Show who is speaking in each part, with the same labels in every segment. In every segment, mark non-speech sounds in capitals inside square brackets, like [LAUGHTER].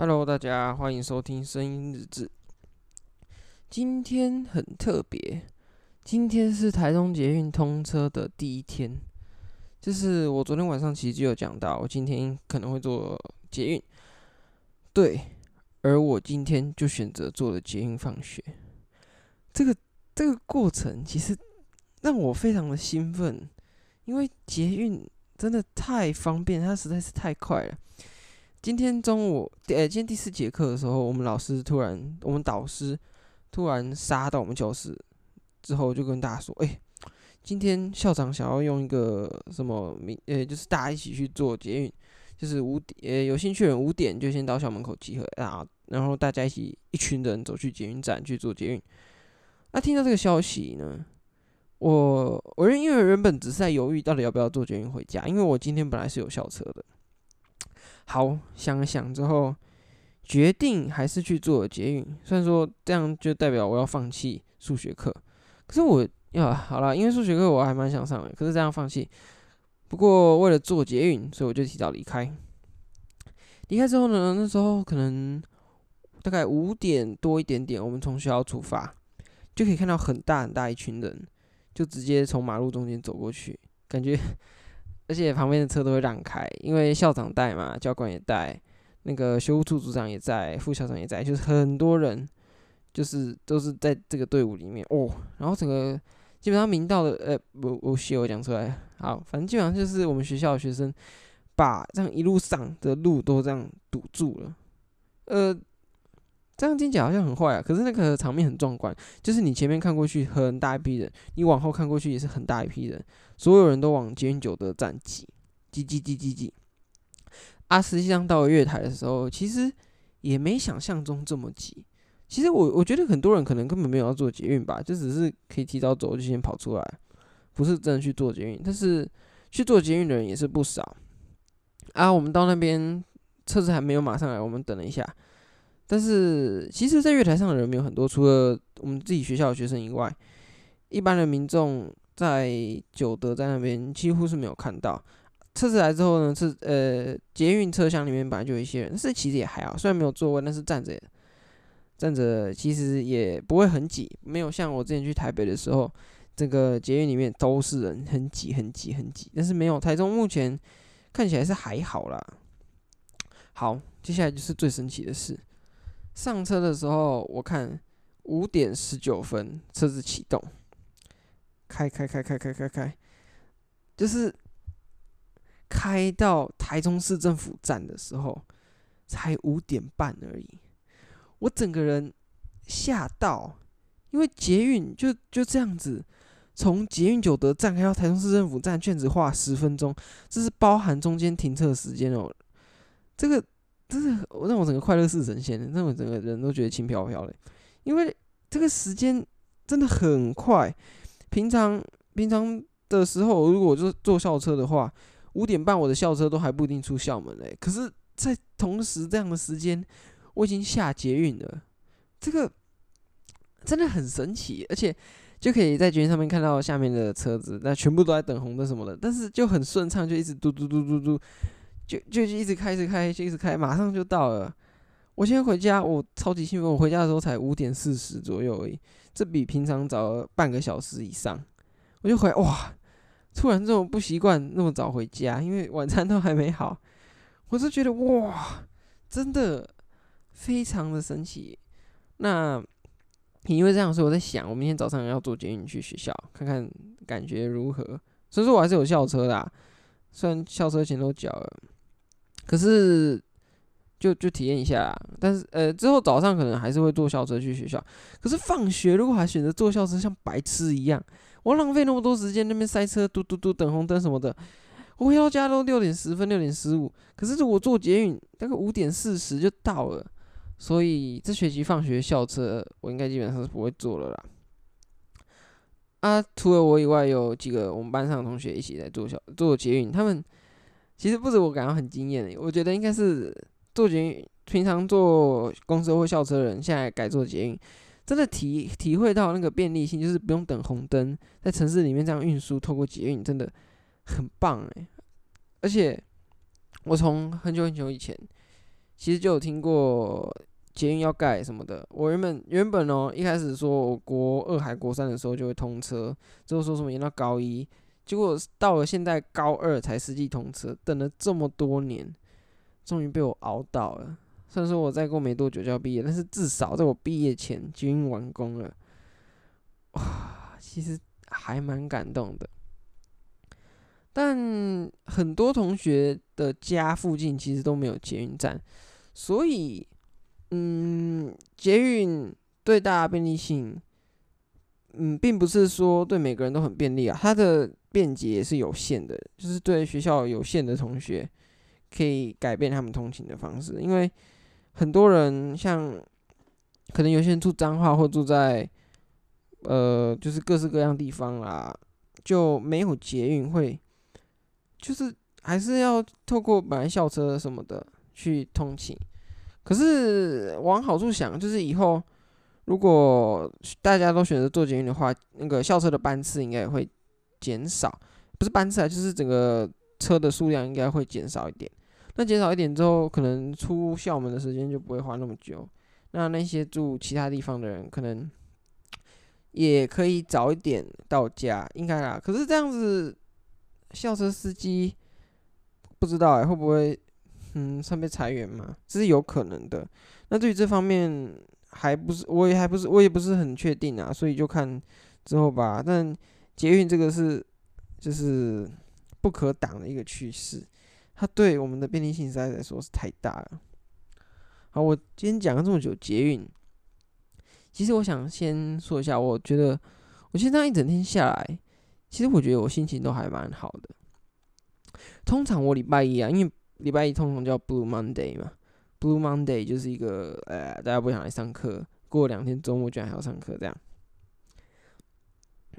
Speaker 1: Hello，大家，歡迎收聽聲音日誌。今天很特別，今天是台中捷運通車的第一天。就是我昨天晚上其實就有講到，我今天可能會坐捷運。對，而我今天就選擇坐了捷運放學。這個這個過程其實讓我非常的興奮，因為捷運真的太方便，它實在是太快了。今天中午，呃、哎，今天第四節課的時候，我們老師突然，我們導師突然殺到我們教室，之後就跟大家說：“哎，今天校長想要用一個什麼名，呃、哎，就是大家一起去坐捷運，就是五點，呃、哎，有興趣的人五點就先到校門口集合啊，然後大家一起一群人走去捷運站去坐捷運。”那聽到這個消息呢，我我認因為原本只是在猶豫到底要不要坐捷運回家，因為我今天本來是有校車的。好，想了想之後，決定還是去坐捷運。雖然說這樣就代表我要放棄數學課，可是我呀，啊，好啦，因為數學課我還蠻想上的，可是這樣放棄。不過為了坐捷運，所以我就提早離開。離開之後呢，那時候可能大概五點多一點點，我們從學校出發，就可以看到很大很大一群人，就直接從馬路中間走過去，感覺。而且旁邊的車都會讓開，因為校長帶嘛，教官也帶，那個學務處組長也在，副校長也在，就是很多人，就是都是在這個隊伍裡面哦。然後整個基本上明道的，呃，不不我我先我講出來，好，反正基本上就是我們學校的學生把這樣一路上的路都這樣堵住了，呃。這樣聽起來好像很壞啊，可是那個場面很壯觀，就是你前面看過去很大一批人，你往後看過去也是很大一批人，所有人都往捷運九德站擠，擠擠擠擠擠。啊，實際上到了月台的時候，其實也沒想象中這麼擠。其實我我覺得很多人可能根本沒有要做捷運吧，就只是可以提早走就先跑出來，不是真的去做捷運。但是去做捷運的人也是不少。啊，我們到那邊車子還沒有馬上來，我們等了一下。但是，其實，在月台上的人沒有很多，除了我們自己學校的學生以外，一般的民眾在九德在那邊幾乎是沒有看到。測試來之後呢，這呃，捷運車廂裡面本來就有一些人，但是其實也還好，雖然沒有座位，但是站着，站着其實也不會很擠，沒有像我之前去台北的時候，這個捷運裡面都是人，很擠很擠很擠。但是沒有，台中目前看起來是還好啦。好，接下來就是最神奇的事。上車的時候，我看五點十九分車子啟動，開開開開開開開，就是開到台中市政府站的時候，才五點半而已。我整個人嚇到，因為捷運就就這樣子，從捷運九德站開到台中市政府站，卻只花了十分鐘，這是包含中間停車時間哦。這個。真是讓我整個快樂似神仙，讓我整個人都覺得輕飄飄的。因為這個時間真的很快，平常平常的時候，如果我就坐校車的話，五點半我的校車都還不一定出校門嘞、欸。可是，在同時這樣的時間，我已經下捷運了，這個真的很神奇，而且就可以在捷運上面看到下面的車子，那全部都在等紅燈什麼的，但是就很順暢，就一直嘟嘟嘟嘟嘟嘟。就就就一直開一直開就一直開，馬上就到了。我現在回家，我超級興奮。我回家的時候才五點四十左右而已，這比平常早半個小時以上。我就回來，哇！突然這種不習慣那麽早回家，因為晚餐都還沒好。我就覺得哇，真的非常的神奇。那因為這樣，所以我在想，我明天早上要坐捷運去學校，看看感覺如何。所以說我還是有校車的，雖然校車錢都繳了。可是就，就就體驗一下啦，但是呃，之後早上可能還是會坐校車去學校。可是放學如果還選擇坐校車，像白痴一樣，我浪費那麼多時間那邊塞車，嘟嘟嘟等紅燈什麼的，我回到家都六點十分、六點十五。可是如果坐捷運，大概五點四十就到了。所以這學期放學校車我應該基本上是不會坐了啦。啊，除了我以外，有幾個我們班上的同學一起來坐校坐捷運，他們。其實不止我感到很驚艷，欸，我覺得應該是坐捷運，平常坐公車或校車的人，現在改坐捷運，真的體體會到那個便利性，就是不用等紅燈，在城市裡面這樣運輸，透過捷運真的很棒哎、欸！而且我從很久很久以前，其實就有聽過捷運要蓋什麼的。我原本原本哦、喔，一開始說我國二還國三的時候就會通車，之後說什麼延到高一。結果到了現在高二才實際通車，等了這麼多年，終於被我熬到了。雖然說我再過沒多久就要畢業，但是至少在我畢業前，捷運完工了，哇，其實還蠻感動的。但很多同學的家附近其實都沒有捷運站，所以，嗯，捷運對大家便利性。嗯，並不是說對每個人都很便利啊，它的便捷也是有限的，就是對學校有限的同學，可以改變他們通勤的方式。因為很多人像可能有些人住彰化或住在，呃，就是各式各樣地方啊，就沒有捷運會，就是還是要透過買校車什麼的去通勤。可是往好處想，就是以後。如果大家都選擇坐捷運的話，那個校車的班次，應該也會減少。不是班次啊，就是整個車的數量應該會減少一點。那減少一點之後，可能出校門的時間就不會花那麼久。那那些住其他地方的人，可能也可以早一點到家，應該啦。可是這樣子，校車司機不知道、欸、會不會嗯，算被裁員嘛？這是有可能的。那對於這方面，還不是，我也還不是，我也不是很確定啊，所以就看之後吧。但捷運這個是就是不可擋的一個趨勢，它對我們的便利性實在來說是太大了。好，我今天講了這麼久捷運，其實我想先說一下，我覺得我現在一整天下來，其實我覺得我心情都還蠻好的。通常我禮拜一啊，因為禮拜一通常叫 Blue Monday 嘛。Blue Monday 就是一個，呃、大家不想來上課，過兩天周末居然還要上課這樣。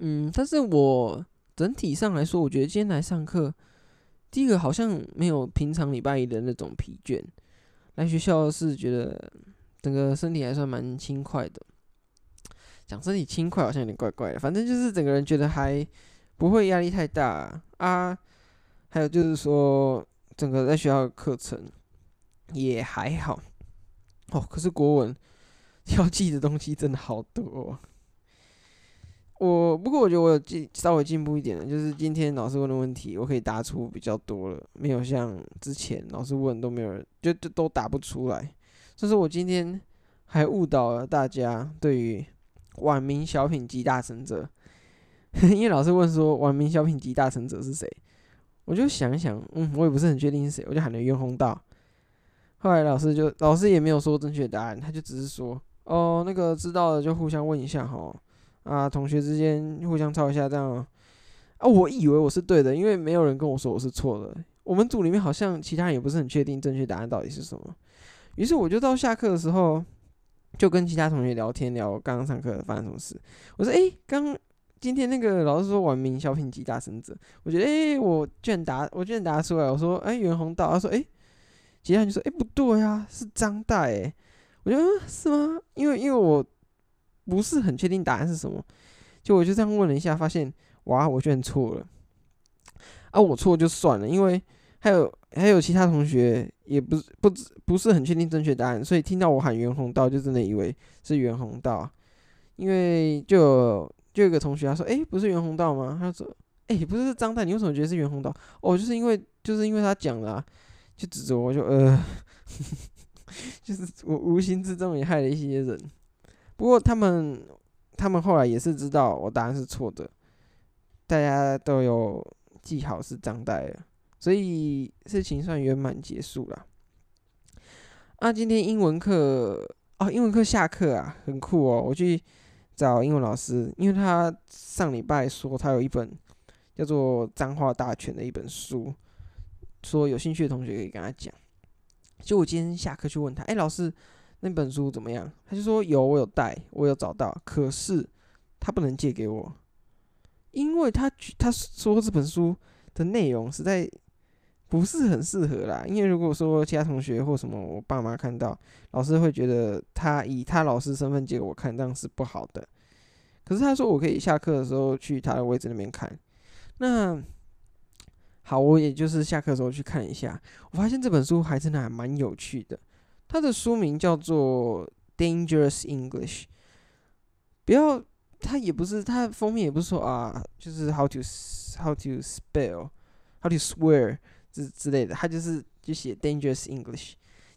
Speaker 1: 嗯，但是我整體上來說，我覺得今天來上課，第一個好像沒有平常禮拜一的那種疲倦，來學校是覺得整個身體還算蠻輕快的。講身體輕快好像有點怪怪的，反正就是整個人覺得還不會壓力太大啊。還有就是說，整個在學校的課程。也還好，哦，可是國文要記的東西真的好多哦。我不過我覺得我有進稍微進步一點了，就是今天老師問的問題，我可以答出比較多了，沒有像之前老師問都沒有人就就都答不出來。就是我今天還誤導了大家對於晚明小品集大成者， [LAUGHS] 因為老師問說晚明小品集大成者是誰，我就想一想，嗯，我也不是很確定是誰，我就喊了袁宏道。後來老師就，老師也沒有說正確答案，他就只是說，哦，那個知道了就互相問一下吼，啊，同學之間互相抄一下這樣，啊，我以為我是對的，因為沒有人跟我說我是錯的，我們組裡面好像其他人也不是很確定正確答案到底是什麼，於是我就到下課的時候就跟其他同學聊天聊，聊剛剛上課發生什麼事，我說，誒、欸，剛今天那個老師說晚明小品《雞大神者》，我覺得，誒、欸，我居然答，我居然答出來，我說，誒、欸，袁宏道，他說，誒、欸。下來就說：“誒、欸，不對啊，是張岱。”誒，我覺得是嗎？因為因為我不是很確定答案是什麼，就我就這樣問了一下，發現哇，我居然錯了啊！我錯就算了，因為還有還有其他同學也不是不不不是很確定正確答案，所以聽到我喊袁宏道，就真的以為是袁宏道。因為就有就有一個同學他說：“誒、欸，不是袁宏道嗎？”他說：“誒、欸，不是張岱，你為什麼覺得是袁宏道？哦就，就是因為就是因為他講了、啊。”就指着我就，就呃， [LAUGHS] 就是我無心之中也害了一些人。不過他們，他們後來也是知道我答案是錯的，大家都有記好是張代了，所以事情算圓滿結束了。啊，今天英文課哦，英文課下課啊，很酷哦。我去找英文老師，因為他上禮拜說他有一本叫做《髒話大全》的一本書。說有興趣的同學可以跟他講。就我今天下課去問他，哎，老師，那本書怎麼樣？他就說有，我有帶，我有找到，可是他不能借給我，因為他他說這本書的內容實在不是很適合啦。因為如果說其他同學或什麼，我爸媽看到，老師會覺得他以他老師身份借給我看，這樣是不好的。可是他說我可以下課的時候去他的位置那邊看。那。好，我也就是下課的時候去看一下，我發現這本書還真的還蠻有趣的。它的書名叫做《Dangerous English》，不要，它也不是，它封面也不是說啊，就是 How to How to Spell，How to Swear 之之類的，它就是就寫 Dangerous English。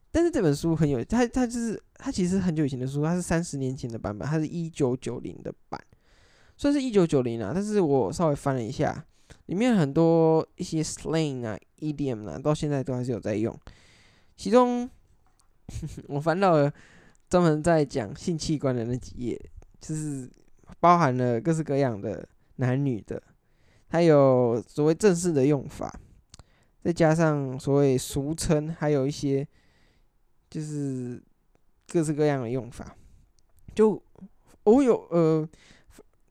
Speaker 1: 但是這本書很有，它它就是它其實很久以前的書，它是三十年前的版本，它是一九九零的版，算是一九九零啊，但是我稍微翻了一下。裡面很多一些 slang 啊、idiom 啊，到現在都還是有在用。其中呵呵我翻到了專門在講性器官的那幾頁，就是包含了各式各樣的男女的，還有所謂正式的用法，再加上所謂俗稱，還有一些就是各式各樣的用法。就我、哦、有呃，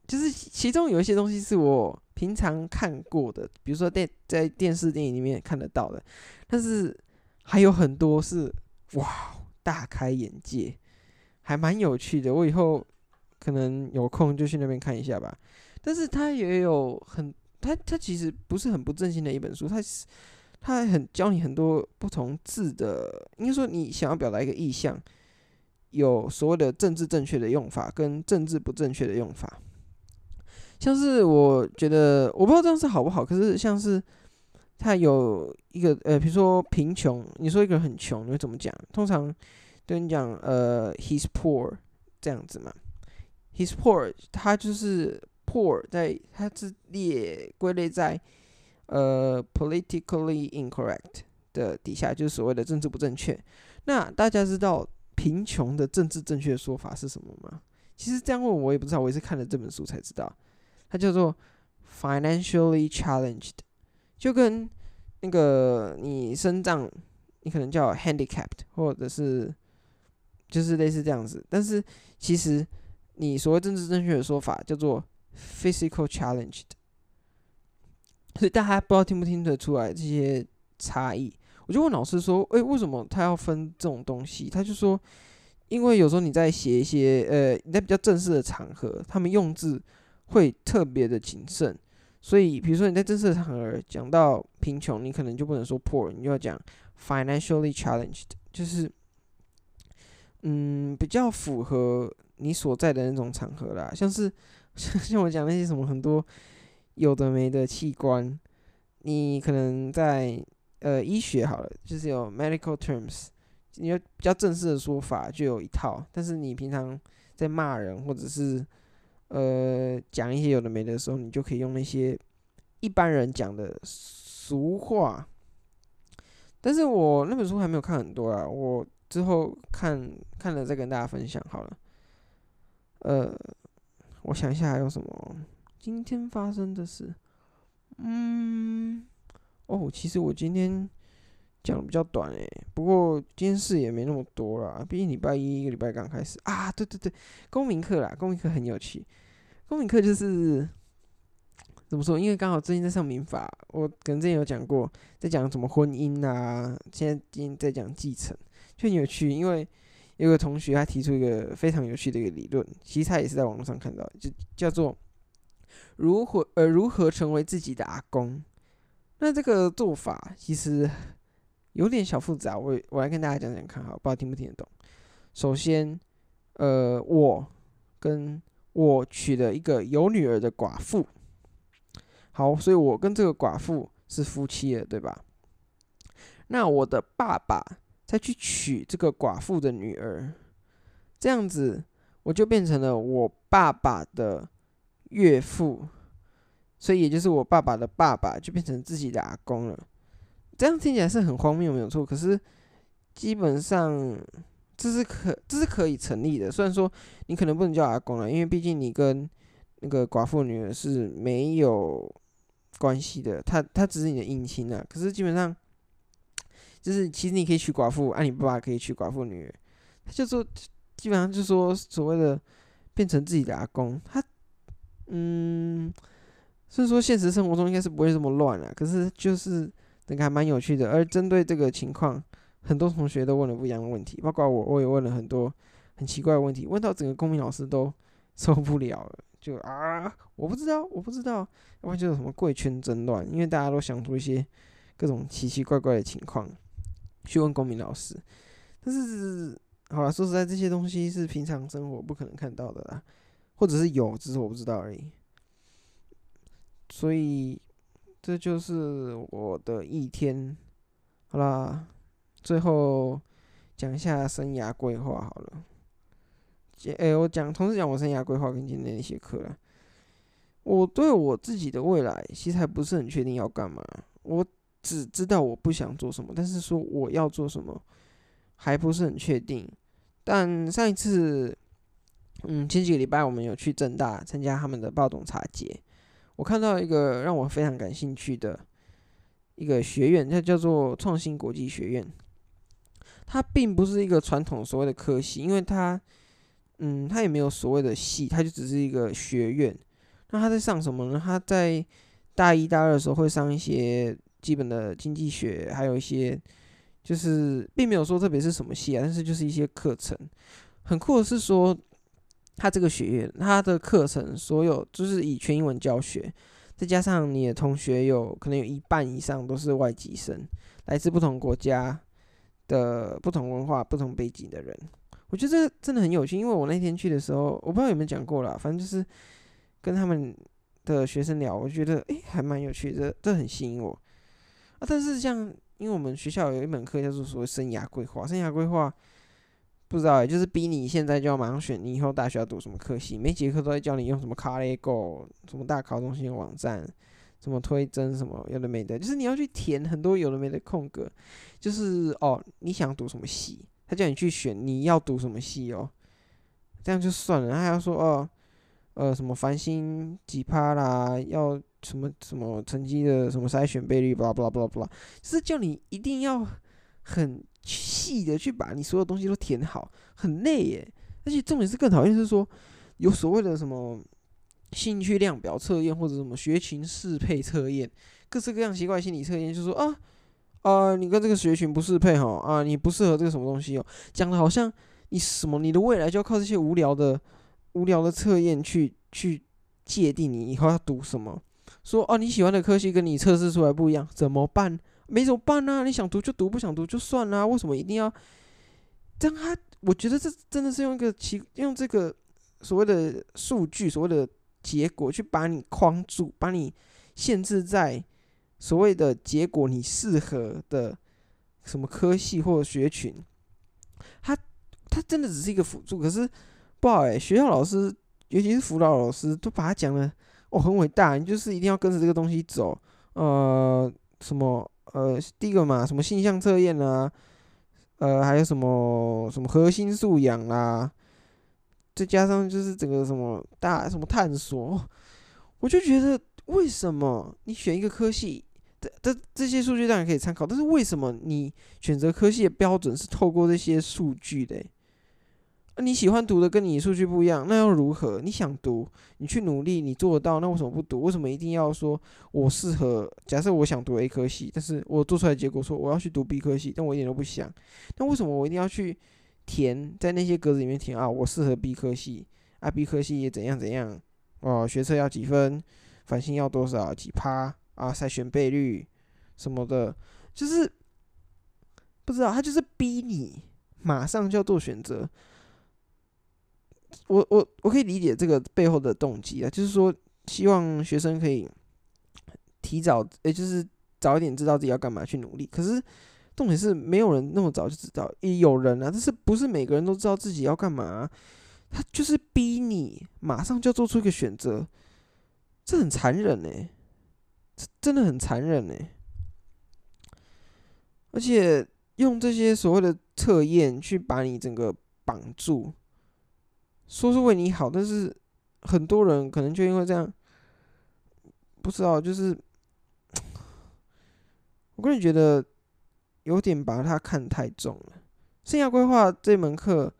Speaker 1: 就是其中有一些東西是我。平常看過的，比如說電在，在電視、電影裡面也看得到的，但是還有很多是哇，大開眼界，還蠻有趣的。我以後可能有空就去那邊看一下吧。但是它也有很，它它其實不是很不正經的一本書，它是它還很教你很多不同字的，應該說你想要表達一個意象，有所謂的政治正確的用法跟政治不正確的用法。像是我覺得我不知道這樣是好不好，可是像是他有一個呃，比如說貧窮，你說一個人很窮，你會怎麼講？通常對你講呃，he's poor 這樣子嘛。he's poor，他就是 poor，在他之列歸類在呃 politically incorrect 的底下，就是所謂的政治不正確。那大家知道貧窮的政治正確的說法是什麼嗎？其實這樣問我也不知道，我也是看了這本書才知道。它叫做 financially challenged，就跟那個你身障你可能叫 handicapped，或者是就是類似這樣子。但是其實你所謂政治正確的說法叫做 physical challenged，所以大家不知道聽不聽得出來這些差異。我就問老師說：“誒、欸，為什麼他要分這種東西？”他就說：“因為有時候你在寫一些呃，你在比較正式的場合，他們用字。”會特別的謹慎，所以比如說你在正式場合講到貧窮，你可能就不能說 poor，你就要講 financially challenged，就是嗯比較符合你所在的那種場合啦。像是像我講那些什麼很多有的沒的器官，你可能在呃醫學好了，就是有 medical terms，你要比較正式的說法就有一套，但是你平常在罵人或者是。呃，講一些有的沒的的時候，你就可以用那些一般人講的俗話。但是我那本書還沒有看很多啦，我之後看看了再跟大家分享好了。呃，我想一下還有什麼？今天發生的事，嗯，哦，其實我今天。講的比較短欸，不過今天事也沒那麼多啦。畢竟禮拜一一個禮拜剛開始啊，對對對，公民課啦，公民課很有趣。公民課就是怎麼說？因為剛好最近在上民法，我可能之前有講過，在講什麼婚姻啊。現在今天在講繼承，就很有趣。因為有一個同學他提出一個非常有趣的一個理論，其實他也是在網絡上看到的，就叫做如何呃如何成為自己的阿公。那這個做法其實。有點小複雜，我我來跟大家講講看，哈，不知道聽不聽得懂？首先，呃，我跟我娶了一個有女兒的寡婦，好，所以我跟這個寡婦是夫妻了，對吧？那我的爸爸再去娶這個寡婦的女兒，這樣子我就變成了我爸爸的岳父，所以也就是我爸爸的爸爸就變成自己的阿公了。這樣聽起來是很荒謬，沒有錯。可是基本上這是可這是可以成立的。雖然說你可能不能叫阿公了，因為畢竟你跟那個寡婦女兒是沒有關係的。他他只是你的姻親啊。可是基本上就是其實你可以娶寡婦，愛、啊、你爸爸可以娶寡婦女兒。他就說基本上就說所謂的變成自己的阿公，他嗯，所以說現實生活中應該是不會這麼亂啊，可是就是。這個還蠻有趣的，而針對這個情況，很多同學都問了不一樣的問題，包括我，我也問了很多很奇怪的問題，問到整個公民老師都受不了了，就啊，我不知道，我不知道，要不就有什麼貴圈真亂。因為大家都想出一些各種奇奇怪怪的情況去問公民老師，但是好了，說實在，這些東西是平常生活不可能看到的啦，或者是有，只是我不知道而已，所以。這就是我的一天，好啦，最後講一下生涯規劃好了。誒、欸，我講同時講我生涯規劃跟今天那些課啦。我對我自己的未來其實還不是很確定要幹嘛，我只知道我不想做什麼，但是說我要做什麼還不是很確定。但上一次，嗯，前幾個禮拜我們有去政大參加他們的包種茶節。我看到一個讓我非常感興趣的一個學院，它叫做創新國際學院。它並不是一個傳統所謂的科系，因為它，嗯，它也沒有所謂的系，它就只是一個學院。那它在上什麼呢？它在大一大二的時候會上一些基本的經濟學，還有一些就是並沒有說特別是什麼系啊，但是就是一些課程。很酷的是說。他這個學院，他的課程所有就是以全英文教學，再加上你的同學有可能有一半以上都是外籍生，來自不同國家的不同文化、不同背景的人。我覺得這個真的很有趣，因為我那天去的時候，我不知道有沒有講過啦，反正就是跟他們的學生聊，我覺得誒、欸、還蠻有趣的，這很吸引我啊。但是像因為我們學校有一門課叫做所謂生涯規劃，生涯規劃。不知道哎、欸，就是逼你現在就要馬上選，你以後大學要讀什麼科系，每節課都在教你用什麼 ColleGo，什麼大考中心的網站，什麼推甄什麼有的沒的，就是你要去填很多有的沒的空格，就是哦，你想讀什麼系，他叫你去選你要讀什麼系哦，這樣就算了，他還要說哦，呃什麼繁星幾趴啦，要什麼什麼成績的什麼篩選倍率，巴拉巴拉巴拉巴拉，就是叫你一定要很。記得去把你所有東西都填好，很累耶、欸。而且重點是更討厭是說，有所謂的什麼興趣量表測驗或者什麼學群適配測驗，各式各樣奇怪心理測驗，就是說啊啊，你跟這個學群不適配哈，啊你不適合這個什麼東西哦，講的好像你什麼你的未來就要靠這些無聊的無聊的測驗去去界定你以後要讀什麼，說哦、啊、你喜歡的科系跟你測試出來不一樣怎麼辦？沒怎麼辦呢、啊？你想讀就讀，不想讀就算啦、啊。為什麼一定要這樣？他我覺得這真的是用一個奇用這個所謂的數據，所謂的結果去把你框住，把你限制在所謂的結果你適合的什麼科系或者學群他。他他真的只是一個輔助，可是不好哎、欸。學校老師，尤其是輔導老師，都把他講得，哦，很偉大，你就是一定要跟着這個東西走，呃，什麼？呃，第一個嘛，什麼性向測驗啦，呃，還有什麼什麼核心素養啊，再加上就是整個什麼大什麼探索，我就覺得為什麼你選一個科系，這這這些數據當然可以參考，但是為什麼你選擇科系的標準是透過這些數據的？那、啊、你喜歡讀的跟你數據不一樣，那又如何？你想讀，你去努力，你做得到，那為什麼不讀？為什麼一定要說我適合？假設我想讀 A 科系，但是我做出來的結果說我要去讀 B 科系，但我一點都不想。那為什麼我一定要去填在那些格子裡面填啊？我適合 B 科系啊，B 科系也怎樣怎樣哦、啊，學測要幾分，繁星要多少幾趴啊，篩選倍率什麼的，就是不知道，他就是逼你馬上就要做選擇。我我我可以理解這個背後的動機啊，就是說希望學生可以提早，哎，就是早一點知道自己要幹嘛去努力。可是重點是沒有人那麼早就知道，也有人啊，但是不是每個人都知道自己要幹嘛啊？他就是逼你馬上就要做出一個選擇，這很殘忍呢，真的很殘忍呢。而且用這些所謂的測驗去把你整個綁住。說是為你好，但是很多人可能就因為這樣，不知道，就是我個人覺得有點把他看太重了。生涯規劃這門課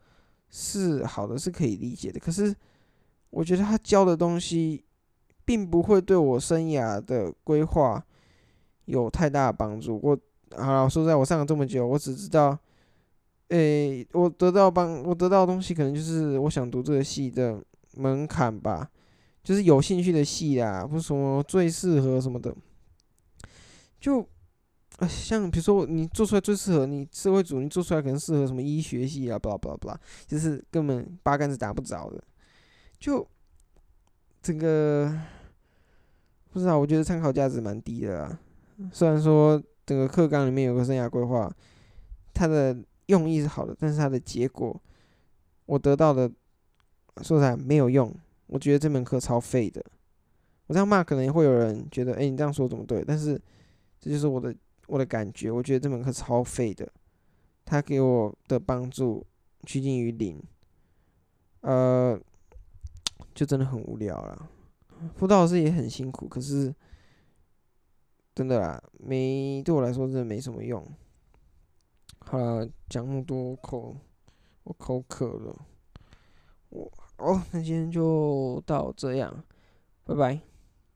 Speaker 1: 是好的，是可以理解的，可是我覺得他教的東西並不會對我生涯的規劃有太大的幫助。我啊，說實在，我上了這麼久，我只知道。誒，我得到幫，我得到的東西可能就是我想讀這個系的門檻吧，就是有興趣的系啊，不是說最適合什麼的。就、哎，像比如說你做出來最適合你社會主義，做出來可能適合什麼醫學系啊，巴拉巴拉巴拉，就是根本八竿子打不着的。就，整個不知道、啊，我覺得參考價值蠻低的啦。雖然說整個課綱裡面有個生涯規劃，它的。用意是好的，但是它的結果，我得到的，說實在沒有用。我覺得這門課超廢的。我這樣罵，可能也會有人覺得，哎、欸，你這樣說怎麼對？但是這就是我的我的感覺，我覺得這門課超廢的，它給我的幫助趨近於零，呃，就真的很無聊啦。輔導老師也很辛苦，可是真的啦，沒，對我來說真的沒什麼用。好了，講那麼多口，我口渴了。我哦，那今天就到這樣，拜拜。